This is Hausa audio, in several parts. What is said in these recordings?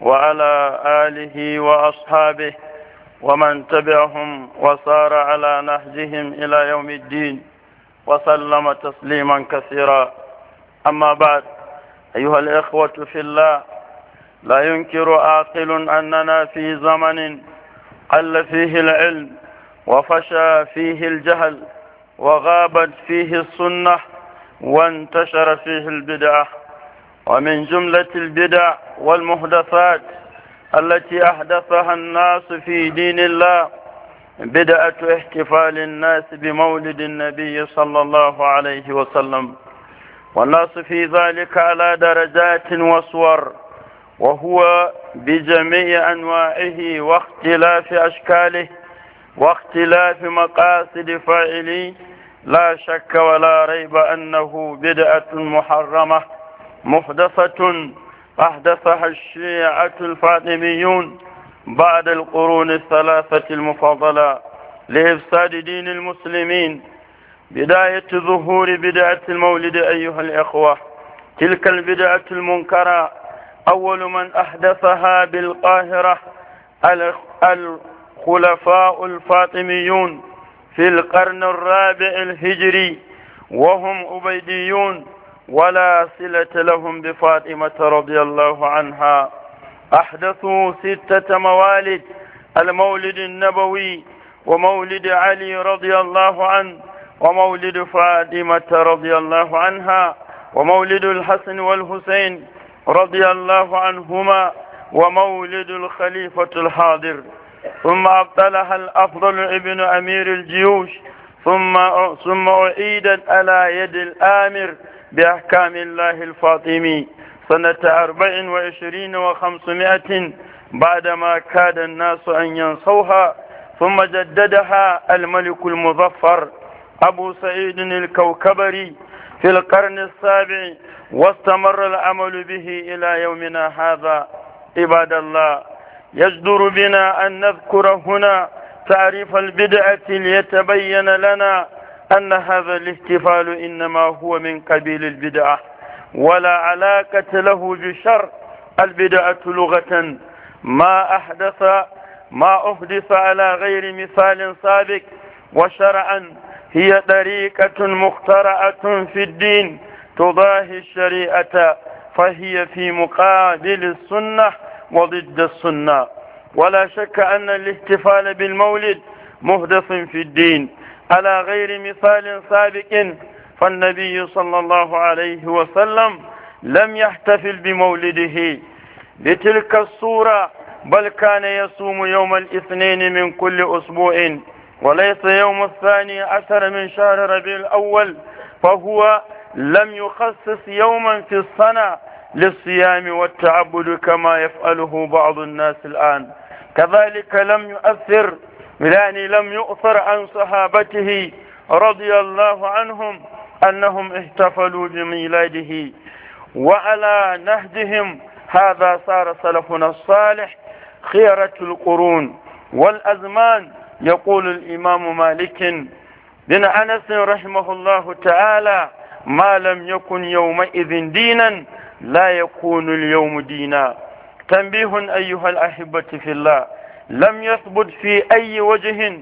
وعلى آله وأصحابه ومن تبعهم وصار على نهجهم إلى يوم الدين وسلم تسليما كثيرا أما بعد أيها الإخوة في الله لا ينكر عاقل أننا في زمن قل فيه العلم وفشى فيه الجهل وغابت فيه السنة وانتشر فيه البدعة ومن جملة البدع والمحدثات التي أحدثها الناس في دين الله بدعة احتفال الناس بمولد النبي صلى الله عليه وسلم والناس في ذلك على درجات وصور وهو بجميع أنواعه واختلاف أشكاله واختلاف مقاصد فاعليه لا شك ولا ريب أنه بدعة محرمة محدثة أحدثها الشيعة الفاطميون بعد القرون الثلاثة المفضلة لإفساد دين المسلمين بداية ظهور بدعة المولد أيها الإخوة تلك البدعة المنكرة أول من أحدثها بالقاهرة الخلفاء الفاطميون في القرن الرابع الهجري وهم أبيديون ولا صلة لهم بفاطمة رضي الله عنها أحدثوا ستة موالد المولد النبوي ومولد علي رضي الله عنه ومولد فاطمة رضي الله عنها ومولد الحسن والحسين رضي الله عنهما ومولد الخليفة الحاضر ثم أبطلها الأفضل ابن أمير الجيوش ثم ثم أعيدت على يد الآمر بأحكام الله الفاطمي سنة أربع وعشرين وخمسمائة بعدما كاد الناس أن ينصوها ثم جددها الملك المظفر أبو سعيد الكوكبري في القرن السابع واستمر العمل به إلى يومنا هذا عباد الله يجدر بنا أن نذكر هنا تعريف البدعة ليتبين لنا أن هذا الاحتفال إنما هو من قبيل البدعة ولا علاقة له بشر البدعة لغة ما أحدث ما أحدث على غير مثال سابق وشرعا هي طريقة مخترعة في الدين تضاهي الشريعة فهي في مقابل السنة وضد السنة ولا شك أن الاحتفال بالمولد مهدف في الدين على غير مثال سابق فالنبي صلى الله عليه وسلم لم يحتفل بمولده بتلك الصورة بل كان يصوم يوم الاثنين من كل أسبوع وليس يوم الثاني عشر من شهر ربيع الأول فهو لم يخصص يوما في السنة للصيام والتعبد كما يفعله بعض الناس الآن كذلك لم يؤثر بلاني لم يؤثر عن صحابته رضي الله عنهم أنهم احتفلوا بميلاده وعلى نهجهم هذا صار سلفنا الصالح خيرة القرون والأزمان يقول الإمام مالك بن أنس رحمه الله تعالى ما لم يكن يومئذ دينا لا يكون اليوم دينا تنبيه أيها الأحبة في الله لم يثبت في أي وجه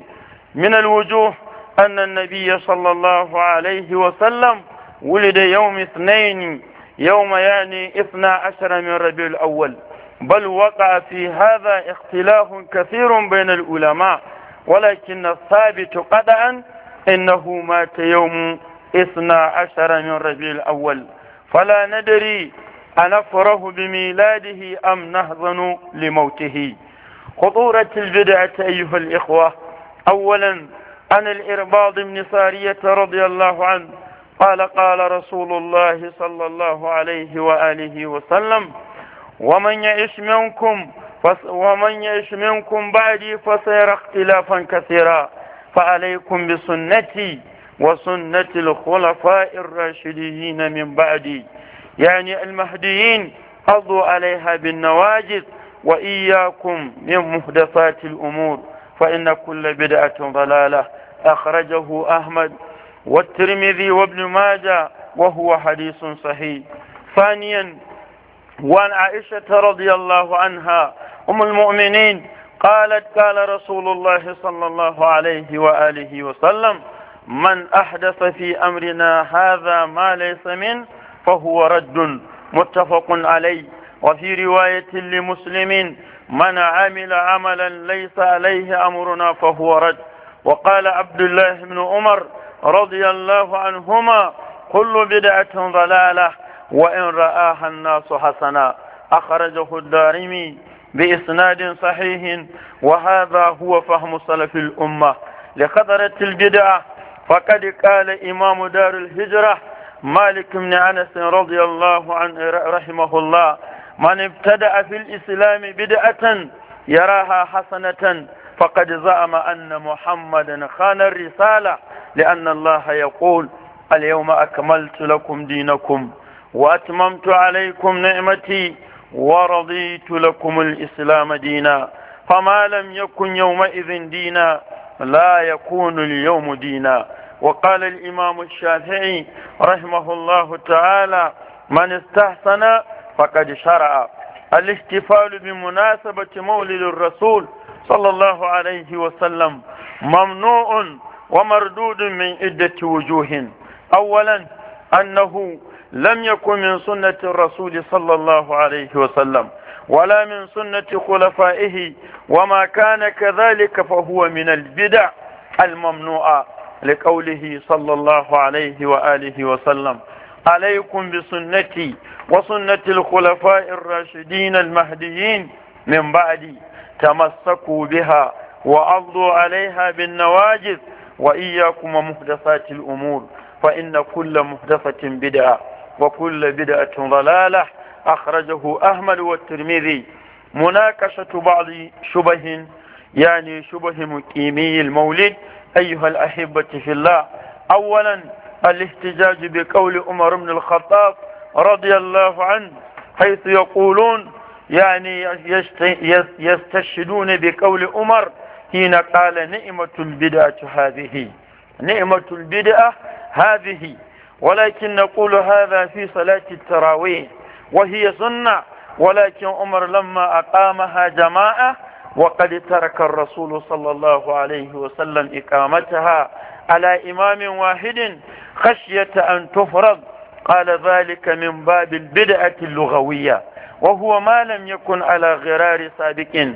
من الوجوه أن النبي صلى الله عليه وسلم ولد يوم اثنين يوم يعني اثنى عشر من ربيع الأول بل وقع في هذا اختلاف كثير بين العلماء ولكن الثابت قطعا إنه مات يوم اثنى عشر من ربيع الأول فلا ندري أنفره بميلاده أم نهضن لموته خطورة البدعة أيها الإخوة أولا عن الإرباض بن سارية رضي الله عنه قال قال رسول الله صلى الله عليه وآله وسلم ومن يعش منكم ومن يعش منكم بعدي فسيرى اختلافا كثيرا فعليكم بسنتي وسنة الخلفاء الراشدين من بعدي يعني المهديين قضوا عليها بالنواجذ وإياكم من محدثات الأمور فإن كل بدعة ضلالة أخرجه أحمد والترمذي وابن ماجه وهو حديث صحيح ثانيا وعن عائشة رضي الله عنها أم المؤمنين قالت قال رسول الله صلى الله عليه وآله وسلم من أحدث في أمرنا هذا ما ليس منه فهو رد متفق عليه وفي رواية لمسلم من عمل عملا ليس عليه أمرنا فهو رد وقال عبد الله بن عمر رضي الله عنهما كل بدعة ضلالة وإن رآها الناس حسنا أخرجه الدارمي بإسناد صحيح وهذا هو فهم سلف الأمة لخطرة البدعة فقد قال إمام دار الهجرة مالك بن أنس رضي الله عنه رحمه الله من ابتدأ في الإسلام بدعة يراها حسنة فقد زعم أن محمدا خان الرسالة لأن الله يقول اليوم أكملت لكم دينكم وأتممت عليكم نعمتي ورضيت لكم الإسلام دينا فما لم يكن يومئذ دينا لا يكون اليوم دينا وقال الإمام الشافعي رحمه الله تعالى من استحسن فقد شرع الاحتفال بمناسبة مولد الرسول صلى الله عليه وسلم ممنوع ومردود من عدة وجوه أولا أنه لم يكن من سنة الرسول صلى الله عليه وسلم ولا من سنة خلفائه وما كان كذلك فهو من البدع الممنوعة لقوله صلى الله عليه وآله وسلم عليكم بسنتي وسنة الخلفاء الراشدين المهديين من بعدي تمسكوا بها وعضوا عليها بالنواجذ وإياكم محدثات الأمور فإن كل محدثة بدعة وكل بدعة ضلالة أخرجه أحمد والترمذي مناقشة بعض شبه يعني شبه مقيمي المولد أيها الأحبة في الله أولا الاحتجاج بقول عمر بن الخطاب رضي الله عنه حيث يقولون يعني يستشهدون بقول عمر حين قال نعمة البدعة هذه نعمة البدعة هذه ولكن نقول هذا في صلاة التراويح وهي سنة ولكن عمر لما أقامها جماعة وقد ترك الرسول صلى الله عليه وسلم إقامتها على إمام واحد خشية أن تفرض قال ذلك من باب البدعة اللغوية وهو ما لم يكن على غرار سابق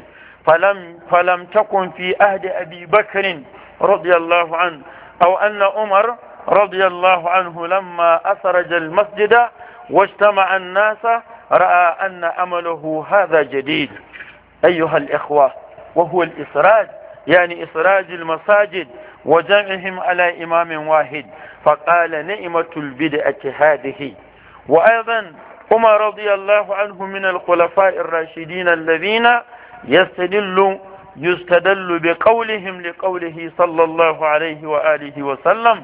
فلم, فلم تكن في أهد أبي بكر رضي الله عنه أو أن عمر رضي الله عنه لما أسرج المسجد واجتمع الناس رأى أن أمله هذا جديد أيها الإخوة وهو الإسراج يعني إسراج المساجد وجمعهم على إمام واحد فقال نعمة البدعة هذه وأيضا عمر رضي الله عنه من الخلفاء الراشدين الذين يستدل يستدل بقولهم لقوله صلى الله عليه وآله وسلم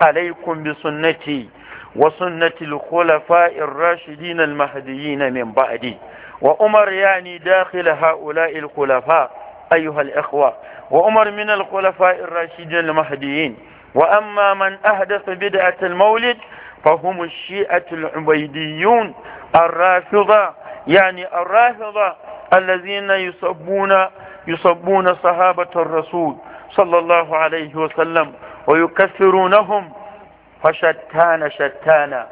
عليكم بسنتي وسنة الخلفاء الراشدين المهديين من بعدي وأمر يعني داخل هؤلاء الخلفاء أيها الإخوة وعمر من الخلفاء الراشدين المهديين وأما من أحدث بدعة المولد فهم الشيعة العبيديون الرافضة يعني الرافضة الذين يصبون يصبون صحابة الرسول صلى الله عليه وسلم ويكفرونهم فشتان شتان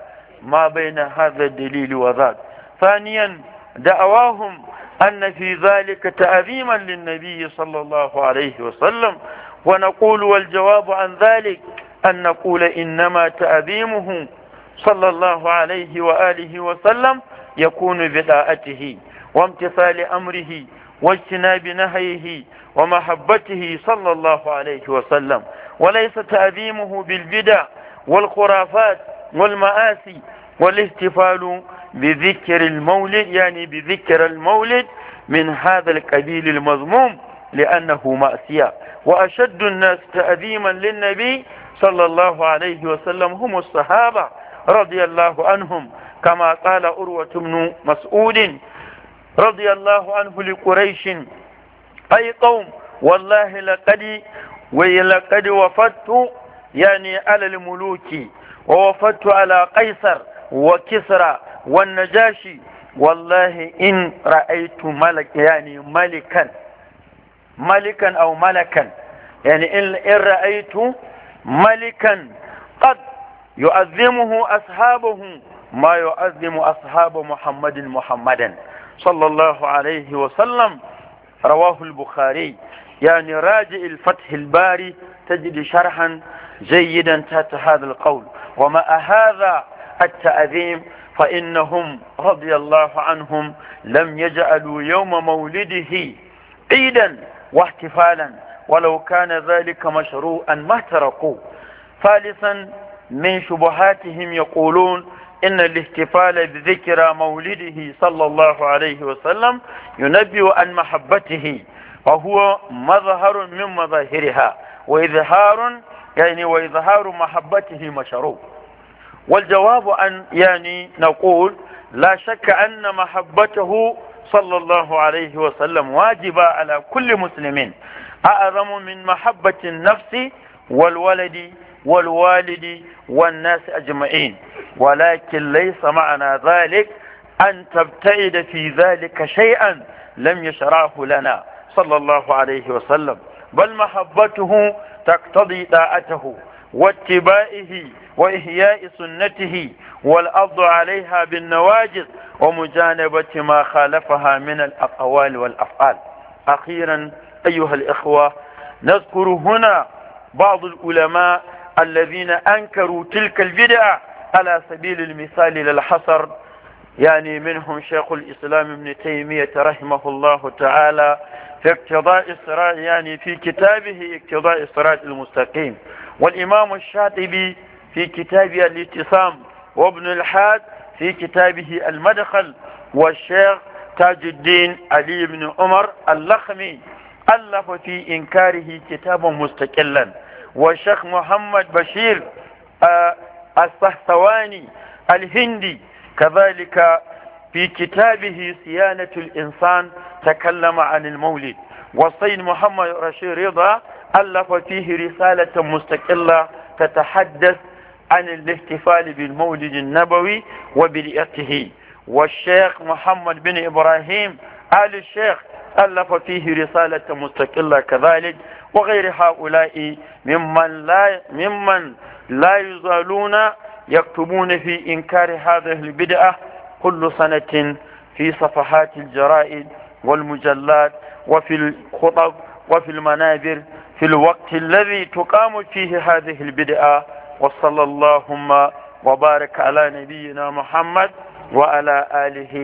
ما بين هذا الدليل وذاك ثانيا دعواهم أن في ذلك تعظيما للنبي صلى الله عليه وسلم ونقول والجواب عن ذلك أن نقول إنما تأذيمه صلى الله عليه وآله وسلم يكون بداءته وامتثال أمره واجتناب نهيه ومحبته صلى الله عليه وسلم وليس تعظيمه بالبدع والخرافات والمآسي والاحتفال بذكر المولد يعني بذكر المولد من هذا القبيل المذموم لأنه مأسية وأشد الناس تأذيما للنبي صلى الله عليه وسلم هم الصحابة رضي الله عنهم كما قال أروة بن مسعود رضي الله عنه لقريش أي قوم والله لقد ولقد وفدت يعني على الملوك ووفدت على قيصر وكسرى والنجاشي والله إن رأيت ملك يعني ملكا ملكا أو ملكا يعني إن, رأيت ملكا قد يؤذمه أصحابه ما يؤذم أصحاب محمد محمدا صلى الله عليه وسلم رواه البخاري يعني راجع الفتح الباري تجد شرحا جيدا تحت هذا القول وما هذا التأذيم فإنهم رضي الله عنهم لم يجعلوا يوم مولده عيدا واحتفالا ولو كان ذلك مشروعا ما تركوا ثالثا من شبهاتهم يقولون إن الاحتفال بذكرى مولده صلى الله عليه وسلم ينبئ عن محبته وهو مظهر من مظاهرها وإظهار يعني وإظهار محبته مشروع والجواب أن يعني نقول لا شك أن محبته صلى الله عليه وسلم واجبة على كل مسلم أعظم من محبة النفس والولد والوالد والناس أجمعين ولكن ليس معنى ذلك أن تبتعد في ذلك شيئا لم يشرعه لنا صلى الله عليه وسلم بل محبته تقتضي طاعته واتباعه وإحياء سنته والأرض عليها بالنواجذ ومجانبة ما خالفها من الأقوال والأفعال أخيرا أيها الإخوة نذكر هنا بعض العلماء الذين أنكروا تلك البدعة على سبيل المثال للحصر يعني منهم شيخ الإسلام ابن تيمية رحمه الله تعالى في اقتضاء الصراع يعني في كتابه اقتضاء الصراط المستقيم والإمام الشاطبي في كتاب الاتصام وابن الحاد في كتابه المدخل والشيخ تاج الدين علي بن عمر اللخمي ألف في إنكاره كتابا مستقلا والشيخ محمد بشير آه، الصحصواني الهندي كذلك في كتابه صيانة الإنسان تكلم عن المولد والسيد محمد رشيد رضا ألف فيه رسالة مستقلة تتحدث عن الاحتفال بالمولد النبوي وبرئته والشيخ محمد بن إبراهيم آل الشيخ ألف فيه رسالة مستقلة كذلك وغير هؤلاء ممن لا, ممن لا يزالون يكتبون في إنكار هذه البدعة كل سنة في صفحات الجرائد والمجلات وفي الخطب وفي المنابر في الوقت الذي تقام فيه هذه البدعة وصلى اللهم وبارك على نبينا محمد وعلى آله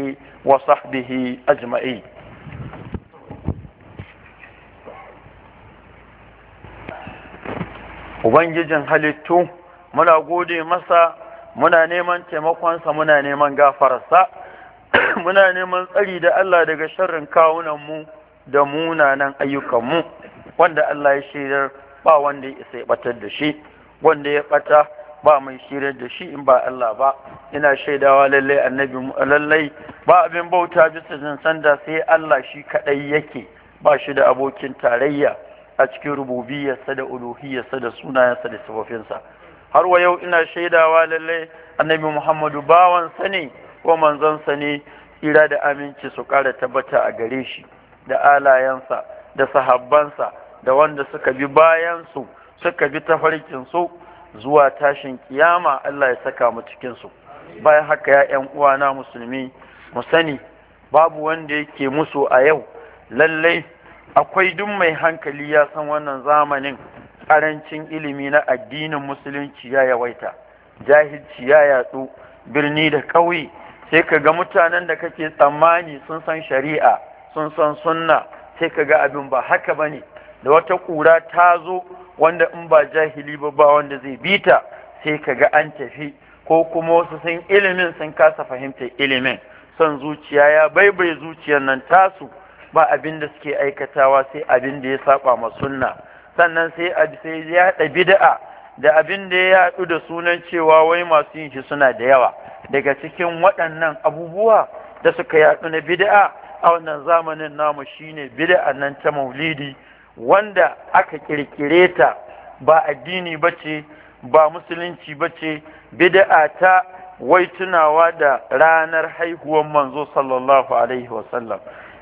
وصحبه أجمعين Ubangijin halittu muna gode masa muna neman taimakonsa muna neman gafararsa muna neman tsari da Allah daga sharrin mu, da munanan ayyukanmu wanda Allah ya shaidar ba wanda ya isa ya batar da shi wanda ya bata ba mai shirar da shi in ba Allah ba ina shaidawa lallai annabi lallai ba abin bauta bisa jin sanda sai Allah shi kadai yake ba shi da abokin tarayya a cikin rububiyarsa da uluhiyarsa da sunayensa da sifofinsa har wa yau ina shaidawa lallai annabi Muhammadu bawansa ne ko manzonsa ne tsira da aminci su ƙara tabbata a gare shi da alayensa da sahabbansa da wanda suka bi bayansu suka bi tafarkin su zuwa tashin kiyama Allah ya saka mu cikin su bayan haka ya yan uwana musulmi mu sani babu wanda yake musu a yau lallai akwai duk mai hankali ya san wannan zamanin ƙarancin ilimi na addinin musulunci ya yawaita jahilci ya yatsu birni da ƙauye sai kaga mutanen da kake tsammani sun san shari'a sun san sunna sai ka ga abin ba haka ba ne da wata ƙura ta zo wanda in ba jahili ba ba wanda zai bi ta sai ka ga an tafi ko kuma wasu sun ilimin sun kasa fahimtar ilimin son zuciya ya baibaye zuciyar nan tasu ba abin da suke aikatawa sai abin da ya saba ma sunna sannan sai sai ya da bid'a da abin da ya haɗu da sunan cewa wai masu yin shi suna da yawa daga cikin waɗannan abubuwa da suka yaɗu na bid'a a wannan zamanin namu shine bid'a nan ta maulidi wanda aka kirkire ta ba addini bace, ba musulunci bace, ce bid'a ta wai tunawa da ranar haihuwar manzo sallallahu alaihi wasallam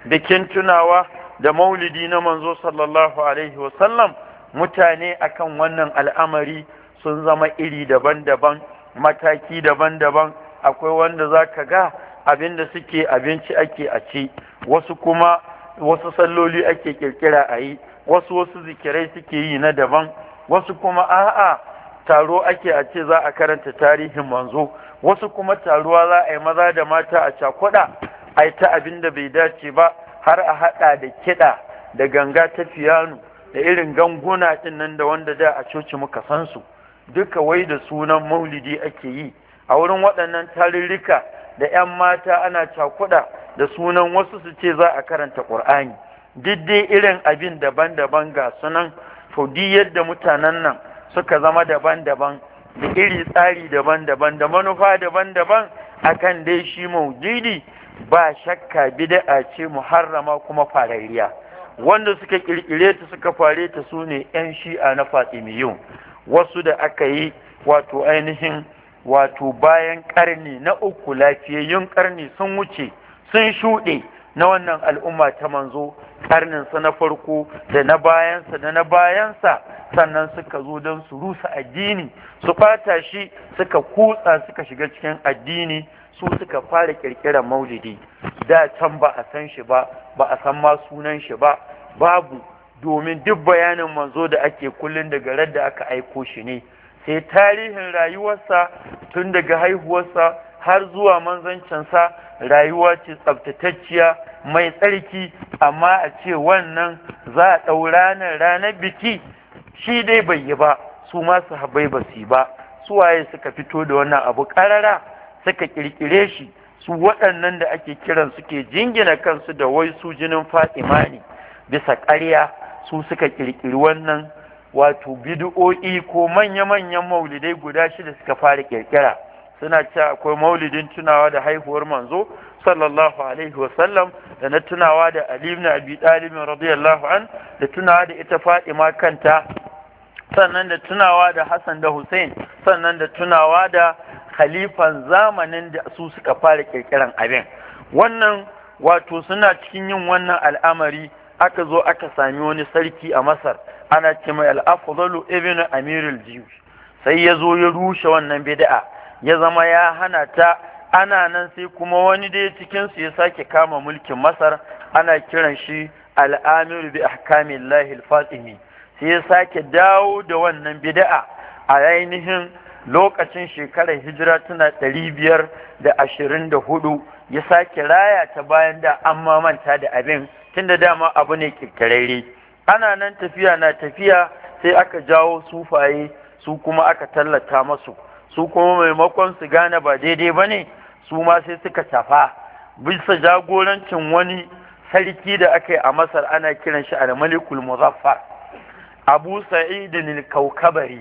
bikin tunawa da maulidi na manzo sallallahu alaihi wasallam mutane akan wannan al'amari sun zama iri daban-daban mataki daban-daban akwai wanda za ka ga abin da suke abinci ake a ci wasu kuma wasu salloli ake kirkira a yi wasu wasu zikirai suke yi na daban wasu kuma a'a taro ake a ce za a karanta tarihin manzo wasu kuma taruwa za a yi maza da mata a cakuɗa a yi ta abin da bai dace ba har a haɗa da kiɗa da ganga ta fiyano da irin ganguna ɗin nan da wanda da a coci muka san su duka wai da sunan maulidi ake yi a wurin waɗannan tarurruka da 'yan mata ana cakuɗa da sunan wasu su ce za a karanta ƙur'ani diddai irin abin daban-daban ga sunan to yadda mutanen nan suka zama daban-daban da iri tsari daban-daban da manufa daban-daban akan dai shi maujidi ba shakka bid'a ce muharrama kuma farariya wanda suka kirkire ta suka fare ta su ne 'yan shi'a na fatimiyun wasu da aka yi wato ainihin wato bayan ƙarni na uku lafiyayyun ƙarni sun wuce sun shuɗe na wannan al'umma ta manzo karninsa na farko da na bayansa da na bayansa sannan suka zo don su rusa addini su fata shi suka kutsa suka shiga cikin addini su suka fara kirkirar maulidi da can ba a san shi ba ba a san ma sunan shi ba babu domin duk bayanin manzo da ake kullun daga radda aka aiko shi ne sai tarihin rayuwarsa tun daga haihuwarsa har zuwa manzancinsa rayuwa ce tsabtatacciya mai tsarki amma a ce wannan za a ɗau ranar ranar biki shi dai bai yi ba su masu habai ba su yi ba su waye suka fito da wannan abu ƙarara suka ƙirƙire shi su waɗannan da ake kiran suke jingina kansu da wai su jinin fatima ne bisa ƙarya su suka ƙirƙiri wannan wato bid'o'i ko manya-manyan maulidai guda shida suka fara ƙirƙira suna ce akwai maulidin tunawa da haihuwar manzo sallallahu alaihi wasallam da na tunawa da Ali ibn Abi dalibin radiyallahu an da tunawa da ita Fatima kanta sannan da tunawa da Hassan da Hussein sannan da tunawa da khalifan zamanin da su suka fara kirkiran abin wannan wato suna cikin yin wannan al'amari aka zo aka sami wani sarki a Masar ana ce mai al-Afdalu ibn Amirul Jiwi sai ya zo ya rushe wannan bid'a ya zama ya hana ta ana nan sai kuma wani dai cikin su ya sake kama mulkin masar ana kiran shi al'amiru bi ahkamillahi al-fatimi sai ya sake dawo da wannan bida'a. a ainihin lokacin shekarar hijira tana ɗari biyar da ashirin da hudu ya sake raya ta bayan da an mamanta da abin tunda dama abu ne kirkirarre ana nan tafiya na tafiya sai aka jawo sufaye su kuma aka tallata masu su kuma maimakon su gane ba daidai ba ne su ma sai suka tafa bisa jagorancin wani sarki da aka yi a masar ana kiran shi al-malikul muzaffar abu sa'idin kaukabari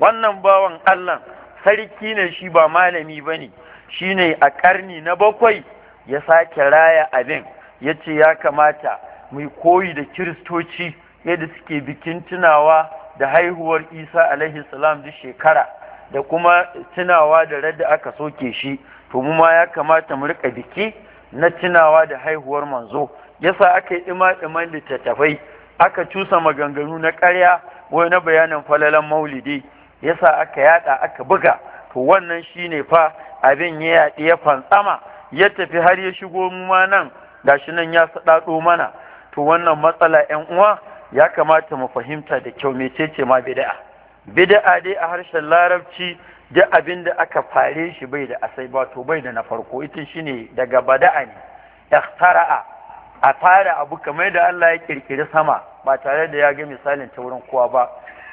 wannan bawan allah sarki ne shi ba malami ba ne shi ne a karni na bakwai ya sake raya abin ya ce ya kamata mai koyi da kiristoci yadda suke bikin tunawa da haihuwar isa alaihi salam duk shekara da kuma tunawa da radda aka soke shi to mu ma ya kamata mu rika biki na tunawa da haihuwar manzo yasa aka yi dima-diman littattafai aka cusa maganganu na ƙarya wai na bayanin falalan maulidi yasa aka yada aka buga to wannan shine fa abin ya yaɗi ya fantsama ya tafi har ya shigo mu ma nan gashi nan ya saɗaɗo mana to wannan matsala 'yan uwa ya kamata mu fahimta da kyau mecece ma bid'a bid'a dai a harshen larabci duk abin da aka fare shi bai da asai ba to bai da na farko ita shine daga bada'a ne ikhtara'a a fara abu kamar da Allah ya kirkiri sama ba tare da ya ga misalin taurin wurin kowa ba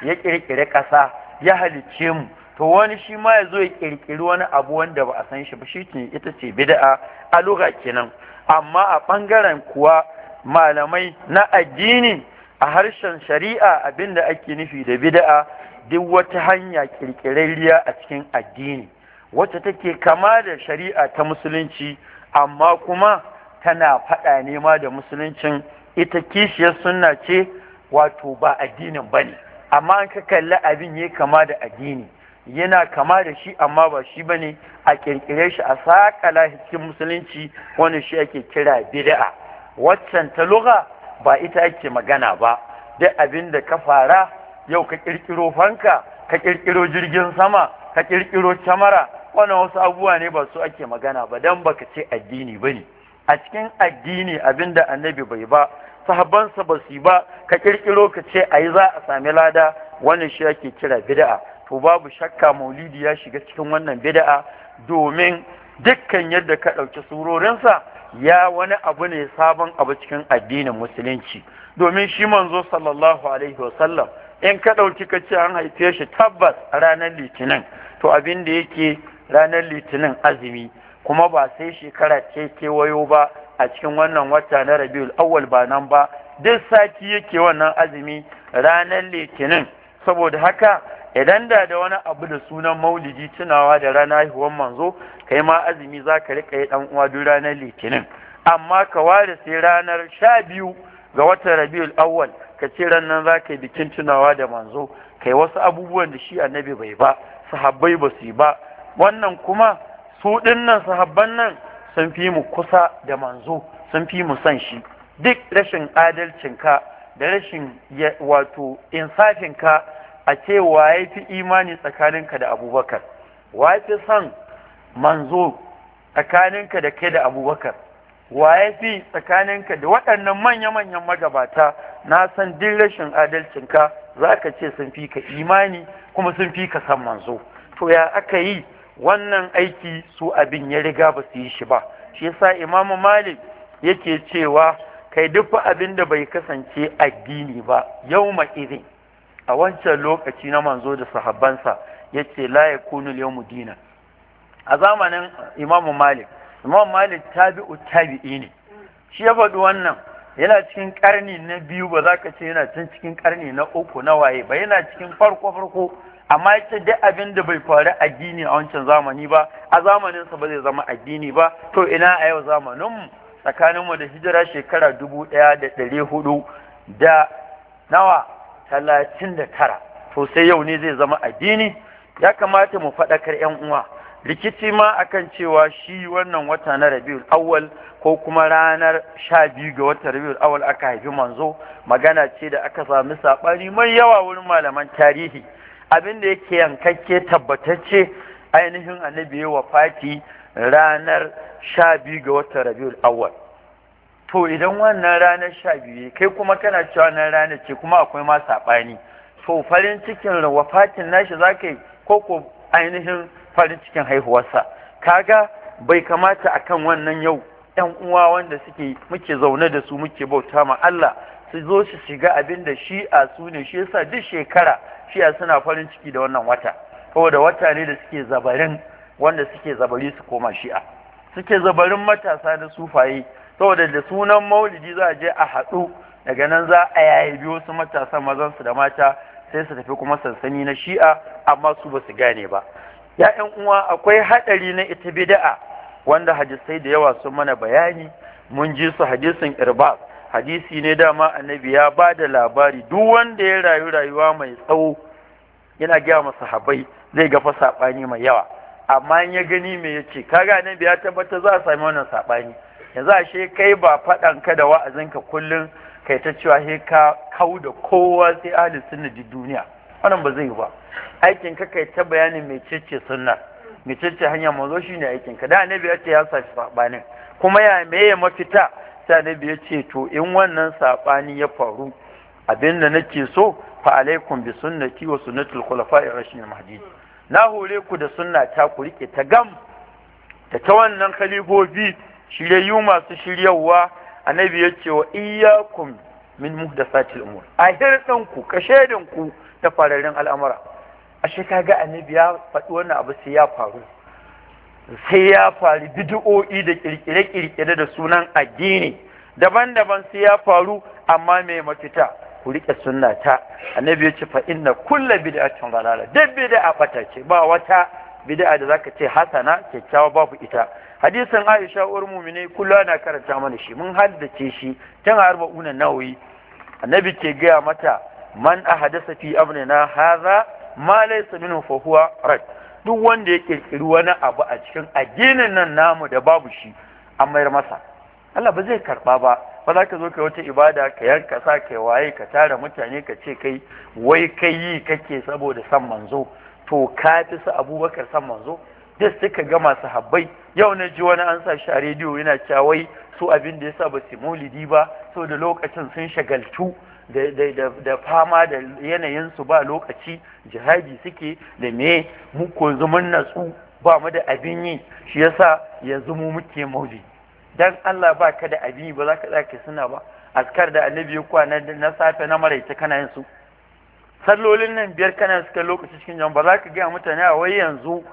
ya kirkiri ƙasa ya halicce mu to wani shi ma yazo ya kirkiri wani abu wanda ba a san shi ba shi ne ita ce bid'a a lugha kenan amma a bangaren kuwa malamai na addini a harshen shari'a abinda ake nufi da bid'a duk wata hanya ƙirƙirarriya a cikin addini wacce take kama da shari'a ta musulunci amma kuma tana faɗa nema da musuluncin ita kishiyar sunna ce wato ba addinin ba ne amma an ka kalli abin ya kama da addini yana kama da shi amma ba shi ba ne a ƙirƙire shi a saƙala cikin musulunci wani shi ake kira bid'a waccan ta ba ita ake magana ba duk abin da ka fara yau ka kirkiro fanka ka ƙirƙiro jirgin sama ka ƙirƙiro kyamara wannan wasu abubuwa ne ba su ake magana ba dan ka ce addini bane a cikin addini abinda annabi bai ba sahabbansa ba su ba ka kirkiro ka ce ayi za a sami lada wannan shi ake kira bida'a. to babu shakka maulidi ya shiga cikin wannan bida'a domin dukkan yadda ka ɗauki surorinsa ya wani abu ne sabon abu cikin addinin musulunci domin shi manzo sallallahu alaihi wasallam in ka ɗauki ka ce an haife shi tabbas ranar litinin to abin da yake ranar litinin azumi kuma ba sai shekara ce kewayo ba a cikin wannan wata na rabiul awwal ba nan ba duk sati yake wannan azumi ranar litinin saboda haka idan da da wani abu da sunan maulidi tunawa da rana haihuwar manzo kai ma azumi za ka riƙa yi uwa duk ranar litinin amma ka ware sai ranar sha biyu ga watan rabiul awwal ka ce ran nan za ka yi bikin tunawa da manzo kai wasu abubuwan da shi annabi bai ba sahabbai ba su yi ba wannan kuma su dinnan sahabban nan sun fi mu kusa da manzo sun fi mu san shi duk rashin adalcin ka da rashin wato ka a ce waye fi imani tsakaninka da abubakar waye fi san manzo tsakaninka da kai da abubakar Wa ya fi tsakaninka da waɗannan manya-manyan magabata na san din rashin adalcinka za ka ce sun fi ka imani kuma sun fi ka san manzo to ya aka yi wannan aiki su abin ya riga ba su yi shi ba shi yasa imamu malik yake cewa kai duk abin da bai kasance addini ba yau irin a wancan lokaci na manzo da sahabbansa yace la yakunu yawmu dina a zamanin imamu malik imam malik tabi'u tabi'i ne shi ya faɗi wannan yana cikin karni na biyu ba za ka ce yana can cikin karni na uku na waye ba yana cikin farko farko amma ita duk abin da bai faru a addini a wancan zamani ba a zamaninsa ba zai zama addini ba to ina a yau zamaninmu tsakaninmu da hijira shekara dubu ɗaya da ɗari hudu da nawa talatin da tara to sai yau ne zai zama addini ya kamata mu faɗakar yan uwa rikici ma akan cewa shi wannan wata na rabiul awwal ko kuma ranar sha biyu ga watan rabiul awwal aka haifi manzo magana ce da aka sami saɓani mai yawa wurin malaman tarihi abin da yake yankakke tabbatacce ainihin annabi ya wafati ranar sha biyu ga watan rabiul awwal to idan wannan ranar sha biyu kai kuma kana cewa nan ranar ce kuma akwai ma saɓani to farin cikin wafatin nashi za ka yi ko ko ainihin farin cikin haihuwarsa kaga bai kamata akan wannan yau yan uwa wanda suke muke zaune da su muke bauta ma Allah su zo su shiga abin da shi'a su ne shi yasa duk shekara shi'a suna farin ciki da wannan wata saboda wata ne da suke zabarin wanda suke zabari su koma shi'a suke zabarin matasa da sufaye saboda da sunan maulidi za a je a haɗu daga nan za a yaye biyo su matasa mazan su da mata sai su tafi kuma sansani na shi'a amma su ba su gane ba Ya'yan uwa akwai haɗari na ita bida'a wanda hadisai da yawa sun mana bayani mun ji su hadisin irbab hadisi ne dama annabi ya ba da labari duk wanda ya rayu rayuwa mai tsawo yana gaya masa sahabai. zai gafa saɓani mai yawa amma in ya gani me ya ce kaga annabi ya tabbata za a sami wannan saɓani yanzu a she kai ba faɗanka da wa'azinka kullum kai ta cewa he ka kau da kowa sai ahli sunna duniya wannan ba zai yi ba aikin ka kai ta bayanin mecece sunna mecece hanya manzo shine aikin ka da annabi ya ce ya saki sabanin kuma ya meye mafita sai annabi ya ce to in wannan sabani ya faru abin da nake so fa alaikum bi sunnati wa sunnatul khulafa'ir rashidin mahdi na hore ku da sunna ta ku rike ta gam da ta wannan khalifofi shiryayyu masu shiryawa annabi ya ce wa iyyakum min muhdathatil umur a ku kashedin ku da fararen al'amura ashe kaga annabi ya faɗi wannan abu sai ya faru sai ya faru bid'o'i da kirkire-kirkire da sunan addini daban-daban sai ya faru amma mai mafita ku rike sunna ta annabi ya ce fa inna kullu bid'atin dalala duk bid'a fata ce ba wata bid'a da zaka ce hasana kyakkyawa babu ita hadisin Aisha uwar mu'mine kullu ana karanta mana shi mun haddace shi tun arba'una nawawi annabi ke gaya mata man ahadasa fi abnina hadha ma Saminu minhu fa huwa rad duk wanda ya kirkiri wani abu a cikin addinin nan namu da babu shi an mayar masa Allah ba zai karba ba ba za ka zo ka wata ibada ka yanka sa ka waye ka tara mutane ka ce kai wai kai yi kake saboda san manzo to ka fi su abubakar san manzo da suka gama Habbai? yau na ji wani an sa shi a rediyo yana cewa wai su abin da ya sa ba su maulidi ba saboda lokacin sun shagaltu da fama da yanayin su ba lokaci jihadi suke da me mu zumun natsu ba mu da abin yi shi yasa yanzu mu muke maudi dan Allah ba ka da abin yi ba za ka tsaka suna ba askar da annabi ya kwana na safe na maraice kana yin su sallolin nan biyar kana suka lokaci cikin jama'a ba za ka gaya mutane a wai yanzu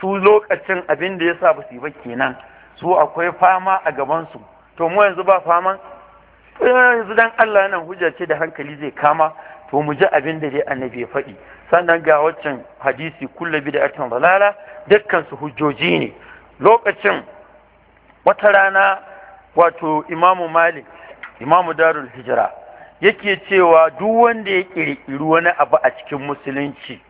su lokacin abin da yasa ba su yi ba kenan su akwai fama a gaban su to mu yanzu ba faman Eh, yanzu dan Allah nan hujjar ce da hankali zai kama to mu ji abin da dai annabi ya faɗi sannan ga waccan hadisi kullu bid'atin dalala dukkan su hujjoji ne lokacin wata rana wato imamu malik imamu darul hijira yake cewa duk wanda ya kirkiri wani abu a cikin musulunci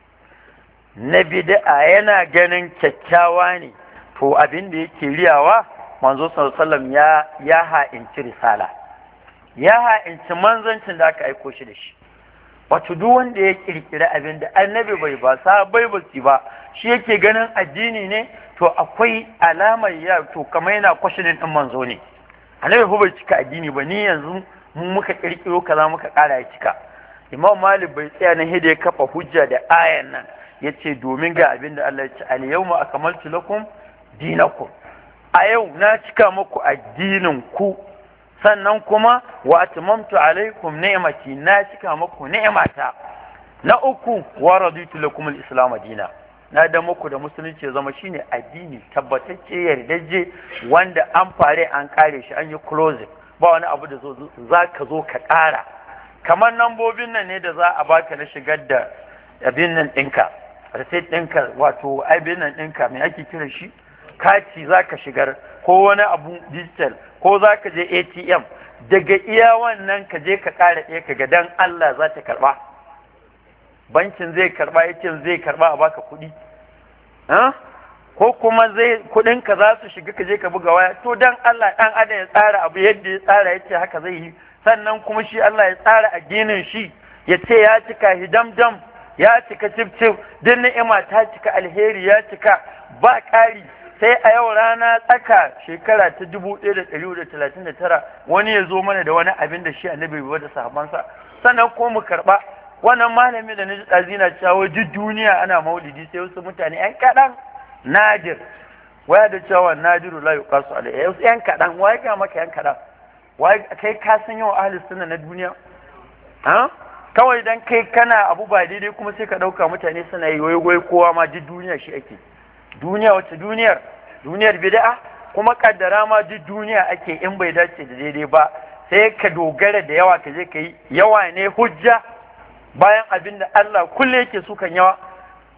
na bid'a yana ganin kyakkyawa ne to abin da yake riyawa manzo sallallahu ya ya ha'inci risala ya ha'inci manzancin da aka aiko shi da shi wato duk wanda ya kirkiri abin da annabi bai ba sahabbai ba su ba shi yake ganin addini ne to akwai alamar ya to kamar yana kwashinin din manzo ne annabi fa bai cika addini ba ni yanzu mu muka kirkiro kaza muka kara ya cika imam malik bai tsaya na hidda ya kafa hujja da ayan nan ya ce, domin ga abin da Allah ya ce al yawma akmaltu lakum dinakum a yau na cika muku addinin ku sannan kuma wa atmamtu alaikum ni'mati na cika muku ni'mata na uku wa raditu lakum al-islam dina na da muku da musulunci ya zama shine addini tabbatacce yardaje wanda an fare an kare shi an yi closing ba wani abu da za ka zo ka ƙara kamar nambobin nan ne da za a baka na shigar da abin nan ɗinka receipt ɗinka wato abin nan ɗinka mai ake kira shi kati za ka shigar ko wani abu digital ko za ka je atm daga iya wannan ka je ka ƙara ɗaya ka ga allah za ta karɓa bankin zai karɓa yakin zai karɓa a baka kuɗi ko kuma zai kuɗin ka za su shiga ka je ka buga waya to dan allah ɗan adam ya tsara abu yadda ya tsara ya ce haka zai yi sannan kuma shi allah ya tsara addinin shi ya ce ya cika hidamdam ya cika cif-cif din ni'ima ta cika alheri ya cika ba ƙari sai a yau rana tsaka shekara ta tara, wani ya zo mana da wani abin da shi annabi bai da sahabansa sannan ko mu karba wannan malami da naji na cewa duk duniya ana maulidi sai wasu mutane yan kaɗan? nadir waya da cewa nadiru la yuqasu alai wasu yan kaɗan waya ga maka yan kaɗan waya kai ka san yau ahli sunna na duniya ha kawai dan kai kana abu ba daidai kuma sai ka ɗauka mutane suna yi wai-wai kowa ma duk duniya shi ake duniya wacce duniyar duniyar bid'a kuma kaddara ma duk duniya ake in bai dace da daidai ba sai ka dogara da yawa ka je ka yi yawa ne hujja bayan abinda Allah kulle yake su kan yawa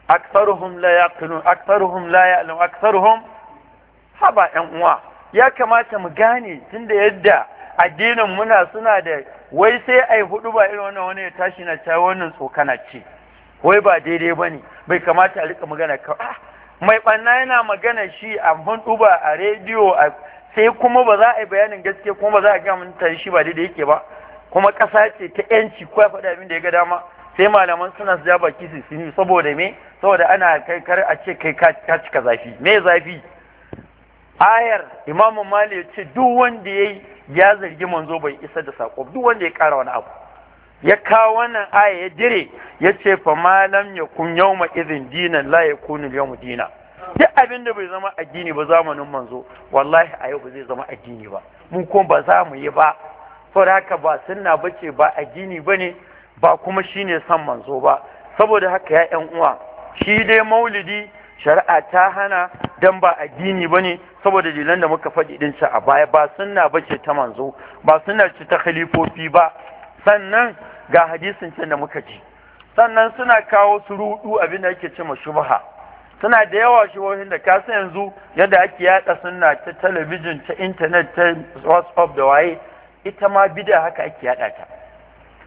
aktsaruhum la aktsaruhum la ya'lam aktsaruhum haba ɗan uwa ya kamata mu gane tunda yadda addinin muna suna da wai sai ai hudu ba irin wannan wani ya tashi na ta wannan tsokana ce wai ba daidai bane bai kamata a rika magana ka mai ɓanna yana magana shi a duba a rediyo a sai kuma ba za a yi bayanin gaske kuma ba za a ga mutane shi ba daidai yake ba kuma ƙasa ce ta yanci ko ya faɗa abin da ya ga dama sai malaman suna su ja baki su sini saboda me saboda ana kai kar a ce kai ka cika zafi me zafi ayar imamu mali ya ce duk wanda ya ya zargi manzo bai isa da saƙo duk wanda ya ƙara wani abu ya kawo wannan aya ya jire ya ce fa malam ya kun ma izin dinan la ya kunu yawma dina duk abin da bai zama addini ba zamanin manzo wallahi a yau ba zai zama addini ba mun kuma ba za mu yi ba saboda haka ba sunna bace ba addini bane ba kuma shine san manzo ba saboda haka ya yan uwa shi dai maulidi shari'a ta hana dan ba addini bane saboda dalilan da muka faɗi din a baya ba sunna bace ta manzo ba sunna ce ta khalifofi ba sannan ga hadisin can da muka ji sannan suna kawo su rudu abin da ake ce ma shubha suna da yawa shubohin da ka san yanzu yadda ake yada sunna ta talabijin ta intanet ta whatsapp da waye ita ma bid'a haka ake yada ta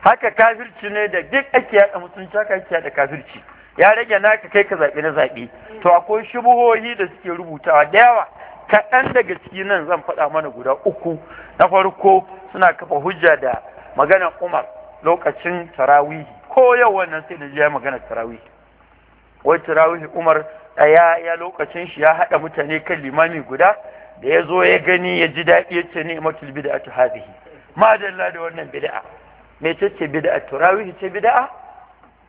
haka kafirci ne da duk ake yada mutunci haka ake yada kafirci ya rage naka kai ka zaɓi na zaɓe to akwai shubuhohi da suke rubutawa da yawa kaɗan daga ciki nan zan faɗa mana guda uku na farko suna kafa hujja da magana Umar lokacin tarawihi, ko yau wannan sai da ya magana tarawihi? wai tarawihi Umar ɗaya ya lokacin shi ya haɗa mutane kan limami guda da ya zo ya gani ya ji daɗi ya ce ne matul bid'atu hadhihi madalla da wannan bid'a me ce ce bid'a tarawihi ce bid'a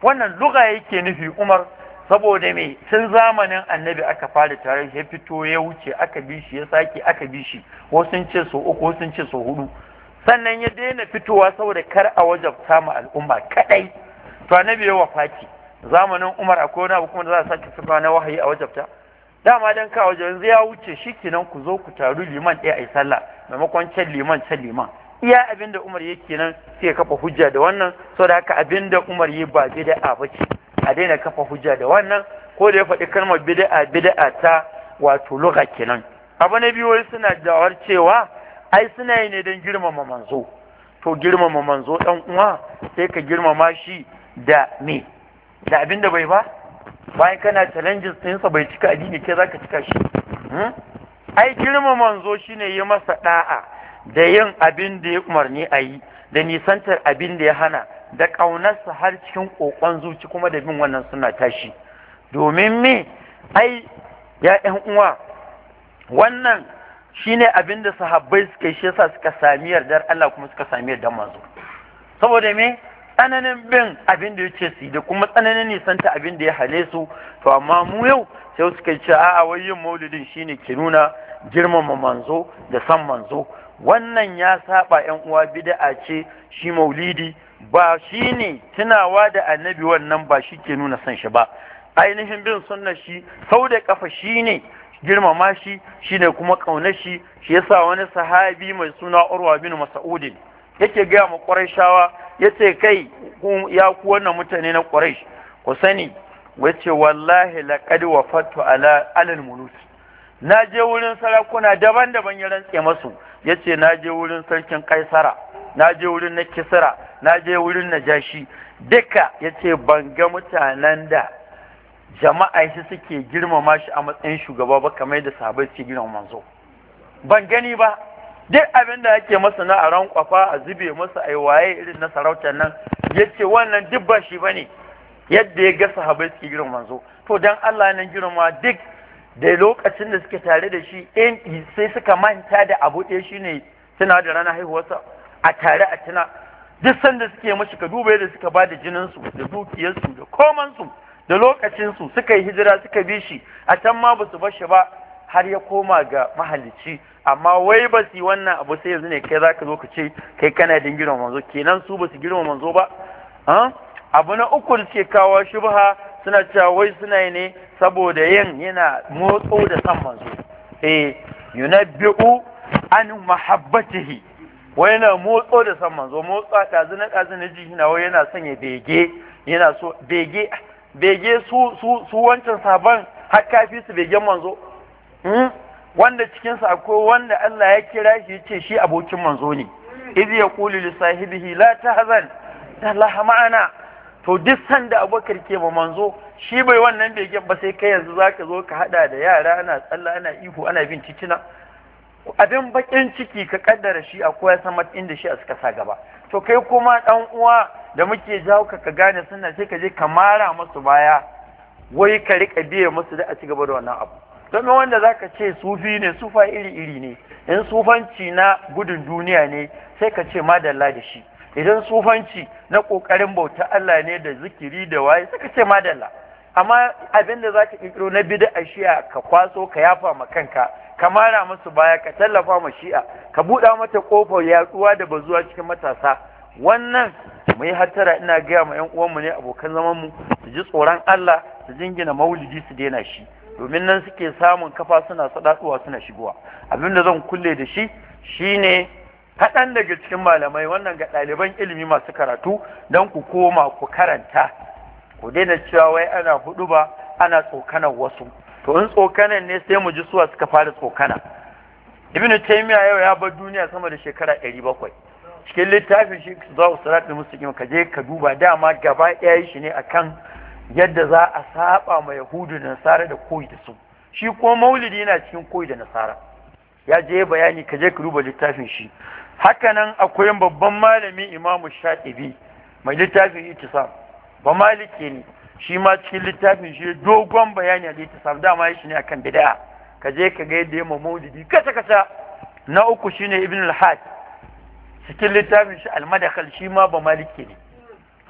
wannan luga yake nufi Umar saboda me tun zamanin annabi aka fara tarawihi ya fito ya wuce aka bishi, ya sake aka bi shi sun ce so uku sun ce so hudu sannan ya daina fitowa saboda kar a wajabta ma al'umma kadai to annabi ya wafati zamanin Umar akwai wani abu kuma da za a sake fitowa na wahayi a wajabta dama dan ka waje yanzu ya wuce shikenan ku zo ku taru liman ɗaya ai sallah maimakon can liman can liman iya abinda Umar yake nan sai kafa hujja da wannan saboda haka abin Umar yi ba bid'a bace a daina kafa hujja da wannan ko da ya faɗi kalmar bid'a bid'a ta wato lugha kenan abu na biyu suna dawar cewa ai suna yi ne don girmama manzo to girmama manzo ɗan uwa sai ka girmama shi da me da abin da bai ba bayan kana challenges ɗinsa bai cika addini ke za ka cika shi hmm? ai girmama manzo shine yi masa ɗa'a da yin abin da ya umarni a yi da nisantar abin da ya hana da ƙaunarsa har cikin ƙoƙon zuci kuma da bin wannan suna tashi domin me ai ya uwa wannan shine abin da sahabbai suka shi yasa suka sami yardar Allah kuma suka sami yardar manzo saboda me tsananin bin abin da yace su da kuma tsananin nisanta abin da ya hale su to amma mu yau sai suka ce a wai yin maulidin shine ke nuna girmama manzo da san manzo wannan ya saba yan uwa bid'a ce shi maulidi ba shine tunawa da annabi wannan ba shi ke nuna san shi ba ainihin bin sunna shi sau da kafa shine girmama shi shine kuma ƙaunar shi shi yasa wani sahabi mai suna Urwa bin Mas'ud yake gaya ma ya yace kai ya ku wannan mutane na Quraysh ku sani wace wallahi laqad wa ala alal muluk na je wurin sarakuna daban-daban ya rantse masu yace na je wurin sarkin Kaisara na je wurin na Kisra na je wurin Najashi duka yace ban ga mutanen da jama'a shi suke girmama shi a matsayin shugaba ba kamar da sahabai suke girmama manzo ban gani ba duk abin da yake masa na a rankwafa a zube masa a waye irin na sarautar nan ya ce wannan duk ba shi ba ne yadda ya ga sahabai suke girmama manzo to dan Allah nan girmama duk da lokacin da suke tare da shi in sai suka manta da abu ɗaya shine tana da ranar haihuwarsa a tare a tana duk sanda suke mashi ka duba yadda suka ba da jininsu da dukiyarsu da komansu da lokacinsu suka yi hijira suka bi shi a can ma ba su bar shi ba har ya koma ga mahalicci amma wai ba su wannan abu sai yanzu ne kai za ka zo ka ce kai kana din girma manzo kenan su ba su girma manzo ba abu na uku da suke kawo shubha suna cewa wai suna yi ne saboda yin yana motso da san manzo eh yunabbi'u an mahabbatihi wai yana motso da san manzo motsa ta zina ɗazu zina ji yana son ya bege yana so bege bege su su su wancan sabon har kafi su begen manzo hmm? wanda cikin sa akwai wanda Allah ya kira shi yace shi abokin manzo ne iz yaqulu li sahibihi la tahzan Allah ma'ana to duk sanda abokar ke ma manzo shi bai wannan begen ba sai kai yanzu zaka zo ka hada da yara ana tsalla ana ihu ana bin titina abin bakin ciki ka kaddara shi akwai ya inda shi a suka sa gaba to kai kuma dan uwa da muke jawo ka gane suna sai ka je ka mara musu baya wai ka rika biye musu da a ci gaba da wannan abu don wanda zaka ce sufi ne sufa iri iri ne in sufanci na gudun duniya ne sai ka ce madalla da shi idan sufanci na kokarin bauta Allah ne da zikiri da waye sai ka ce madalla amma abin da zaka ƙirƙiro na bid'a shi'a ka kwaso ka yafa ma kanka ka mara musu baya ka tallafa ma shi'a ka buɗa mata kofar yaɗuwa da bazuwa cikin matasa wannan muyi hattara ina gaya ma 'yan uwanmu ne abokan zamanmu su ji tsoron Allah su jingina maulidi su daina shi domin nan suke samun kafa suna sadaduwa suna shigowa abin da zan kulle da shi shine kaɗan daga cikin malamai wannan ga ɗaliban ilimi masu karatu don ku koma ku karanta ku daina cewa wai ana hudu ba ana tsokanar wasu to in tsokanan ne sai mu ji suwa suka fara tsokana ibnu taymiya yau ya bar duniya sama da shekara bakwai. cikin littafin shi zuwa da mustaqim ka je ka duba dama gaba ɗaya shi ne akan yadda za a saba ma yahudu da nasara da koyi da su shi kuma maulidi yana cikin koyi da nasara ya je bayani ka je ka duba littafin shi Haka nan akwai babban malami imamu sha'ibi mai littafin itisam ba maliki ne shi ma cikin littafin shi dogon bayani a littafin dama shi ne akan bid'a ka je ka ga yadda ya maulidi kasa kasa na uku shine ibn al-hajj cikin littafin shi almadakal shi ma ba maliki ne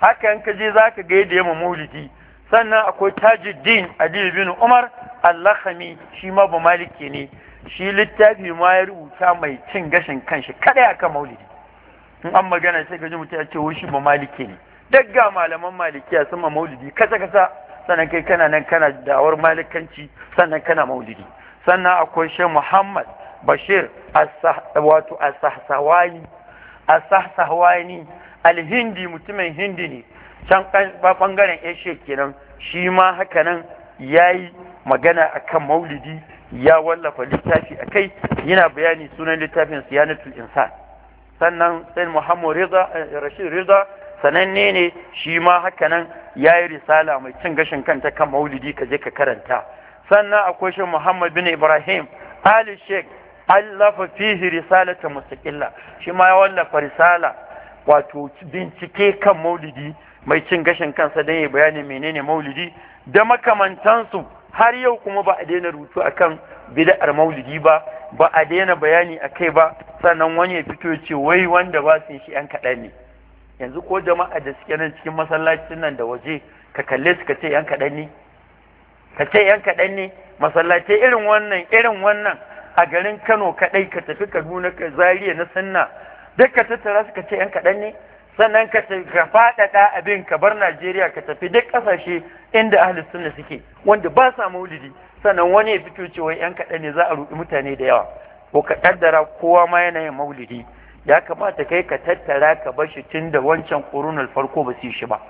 haka yanka je za ka ga yadda yamma maulidi sannan akwai tajuddin adil bin umar allahami shi ma ba maliki ne shi littafi ma ya rubuta mai cin gashin kanshi kadai akan maulidi in an magana sai ka ji mutum ya ce shi ba maliki ne Duk ga malaman malikiya sun ma maulidi kasa kasa sannan kai kana nan kana da'awar malikanci sannan kana maulidi sannan akwai shi muhammad bashir wato asahsawani a sahsahwani alhindi mutumin hindi ne can bangaren asia kenan shi ma haka nan ya yi magana akan maulidi ya wallafa littafi a kai yana bayani sunan littafin siyanatul insan sannan sai muhammad rida eh, rashid rida sananne ne shi ma haka nan ya yi risala mai cin gashin kanta kan maulidi ka je ka karanta sannan akwai shi muhammad bin ibrahim ali sheikh allafa fihi risalata mustaqilla shi ma ya wallafa risala wato bincike kan maulidi mai cin gashin kansa don ya bayani menene maulidi da makamantansu har yau kuma ba a daina rubutu akan bida'ar maulidi ba ba a daina bayani a kai ba sannan wani ya fito ya ce wai wanda ba su shi yan kaɗan ne yanzu ko jama'a da suke nan cikin masallacin nan da waje ka kalle su ka ce yan ne ka ce yan kaɗan ne masallatai irin wannan irin wannan a garin Kano kaɗai ka tafi Kaduna ka Zariya na Sanna duk ka tattara su ce ‘yan kaɗan ne sannan ka faɗaɗa abin ka bar Najeriya ka tafi duk ƙasashe inda ahli sunna suke wanda ba sa maulidi sannan wani ya fito cewa ‘yan kaɗan ne za a ruɗi mutane da yawa ko ka ƙaddara kowa ma yana yin maulidi ya kamata kai ka tattara ka bar shi tun da wancan ƙorunar farko ba su yi shi ba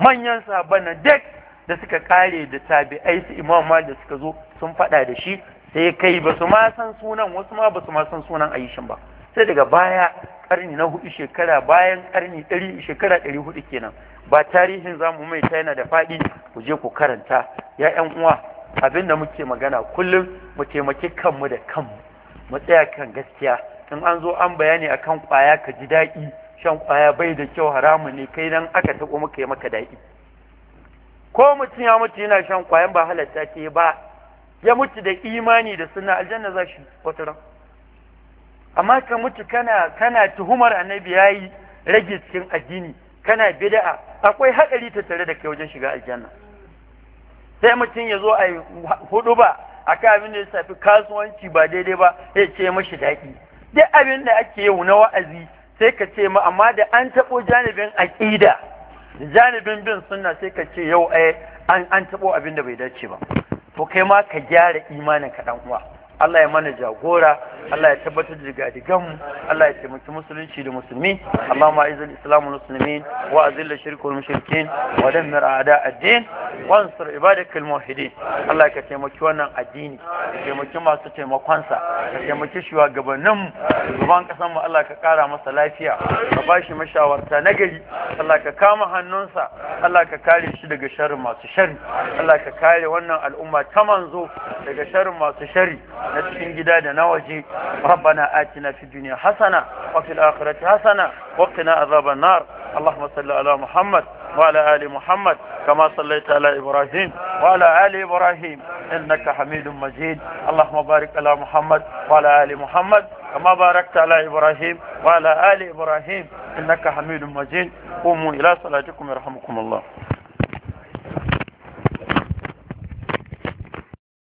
manyan sabanna duk da suka kare da tabi'ai su imam da suka zo sun faɗa da shi sai kai ba su ma san sunan wasu ma ba su ma san sunan aishin ba sai daga baya karni na hudu shekara bayan karni ɗari shekara ɗari hudu kenan ba tarihin zamu mai yana da faɗi ku je ku karanta ya ƴan uwa abin da muke magana kullum mu taimaki kanmu da kanmu mu tsaya kan gaskiya in an zo an bayani akan kwaya ka ji daɗi shan kwaya bai da kyau haramu ne kai nan aka taɓo maka yi maka daɗi ko mutum ya mutu yana shan kwayan ba halatta ce ba ya mutu da imani da suna aljanna za shi wata amma ka mutu kana kana tuhumar annabi yayi rage cikin addini kana bid'a akwai haɗari ta tare da kai wajen shiga aljanna sai mutum ya zo a hudu ba a kan abin da ya shafi kasuwanci ba daidai ba ya ce mashi daɗi duk abin da ake yau na wa'azi sai ka ce ma amma da an taɓo janibin aƙida janibin bin sunna sai ka ce yau eh, an taɓo abin da bai dace ba to kai ma ka gyara imanin ka dan uwa Allah ya mana jagora Allah ya tabbatar da gadigan Allah ya taimaki musulunci da musulmi Allahumma izil islamu muslimin wa azil shirku wal mushrikin wa dammir a'da ad-din wa ansur ibadak al muwahhidin Allah ka taimaki wannan addini ka taimaki masu taimakon sa ka taimaki shugabannin mu gaban kasan mu Allah ka kara masa lafiya ka bashi mashawarta na gari, Allah ka kama hannunsa Allah ka kare shi daga sharrin masu sharri Allah ka kare wannan al'umma ta manzo daga sharrin masu sharri na cikin gida da na waje rabbana atina fid dunya hasana wa fil akhirati hasana wa qina azaban nar allahumma salli ala muhammad wa ala ali muhammad kama sallaita ala ibrahim wa ala ali ibrahim innaka hamidum majid allahumma barik ala muhammad wa ala ali muhammad كما باركت على إبراهيم وعلى آل إبراهيم إنك حميد مجيد قوموا إلى صلاتكم يرحمكم الله